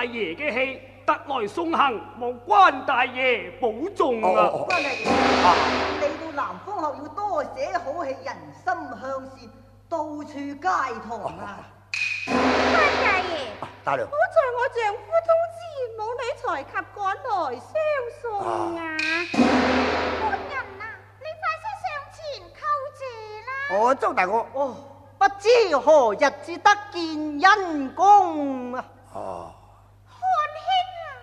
大爺嘅氣特來送行，望關大爺保重啊！關大爺，你到南方後要多寫好戲，人心向善，到處皆堂啊！關大爺，好了，好在我丈夫通知冇禮財及趕來相送啊！官人啊，你快些上前叩謝啦！我周大哥哦，不知何日至得見恩公啊！哦。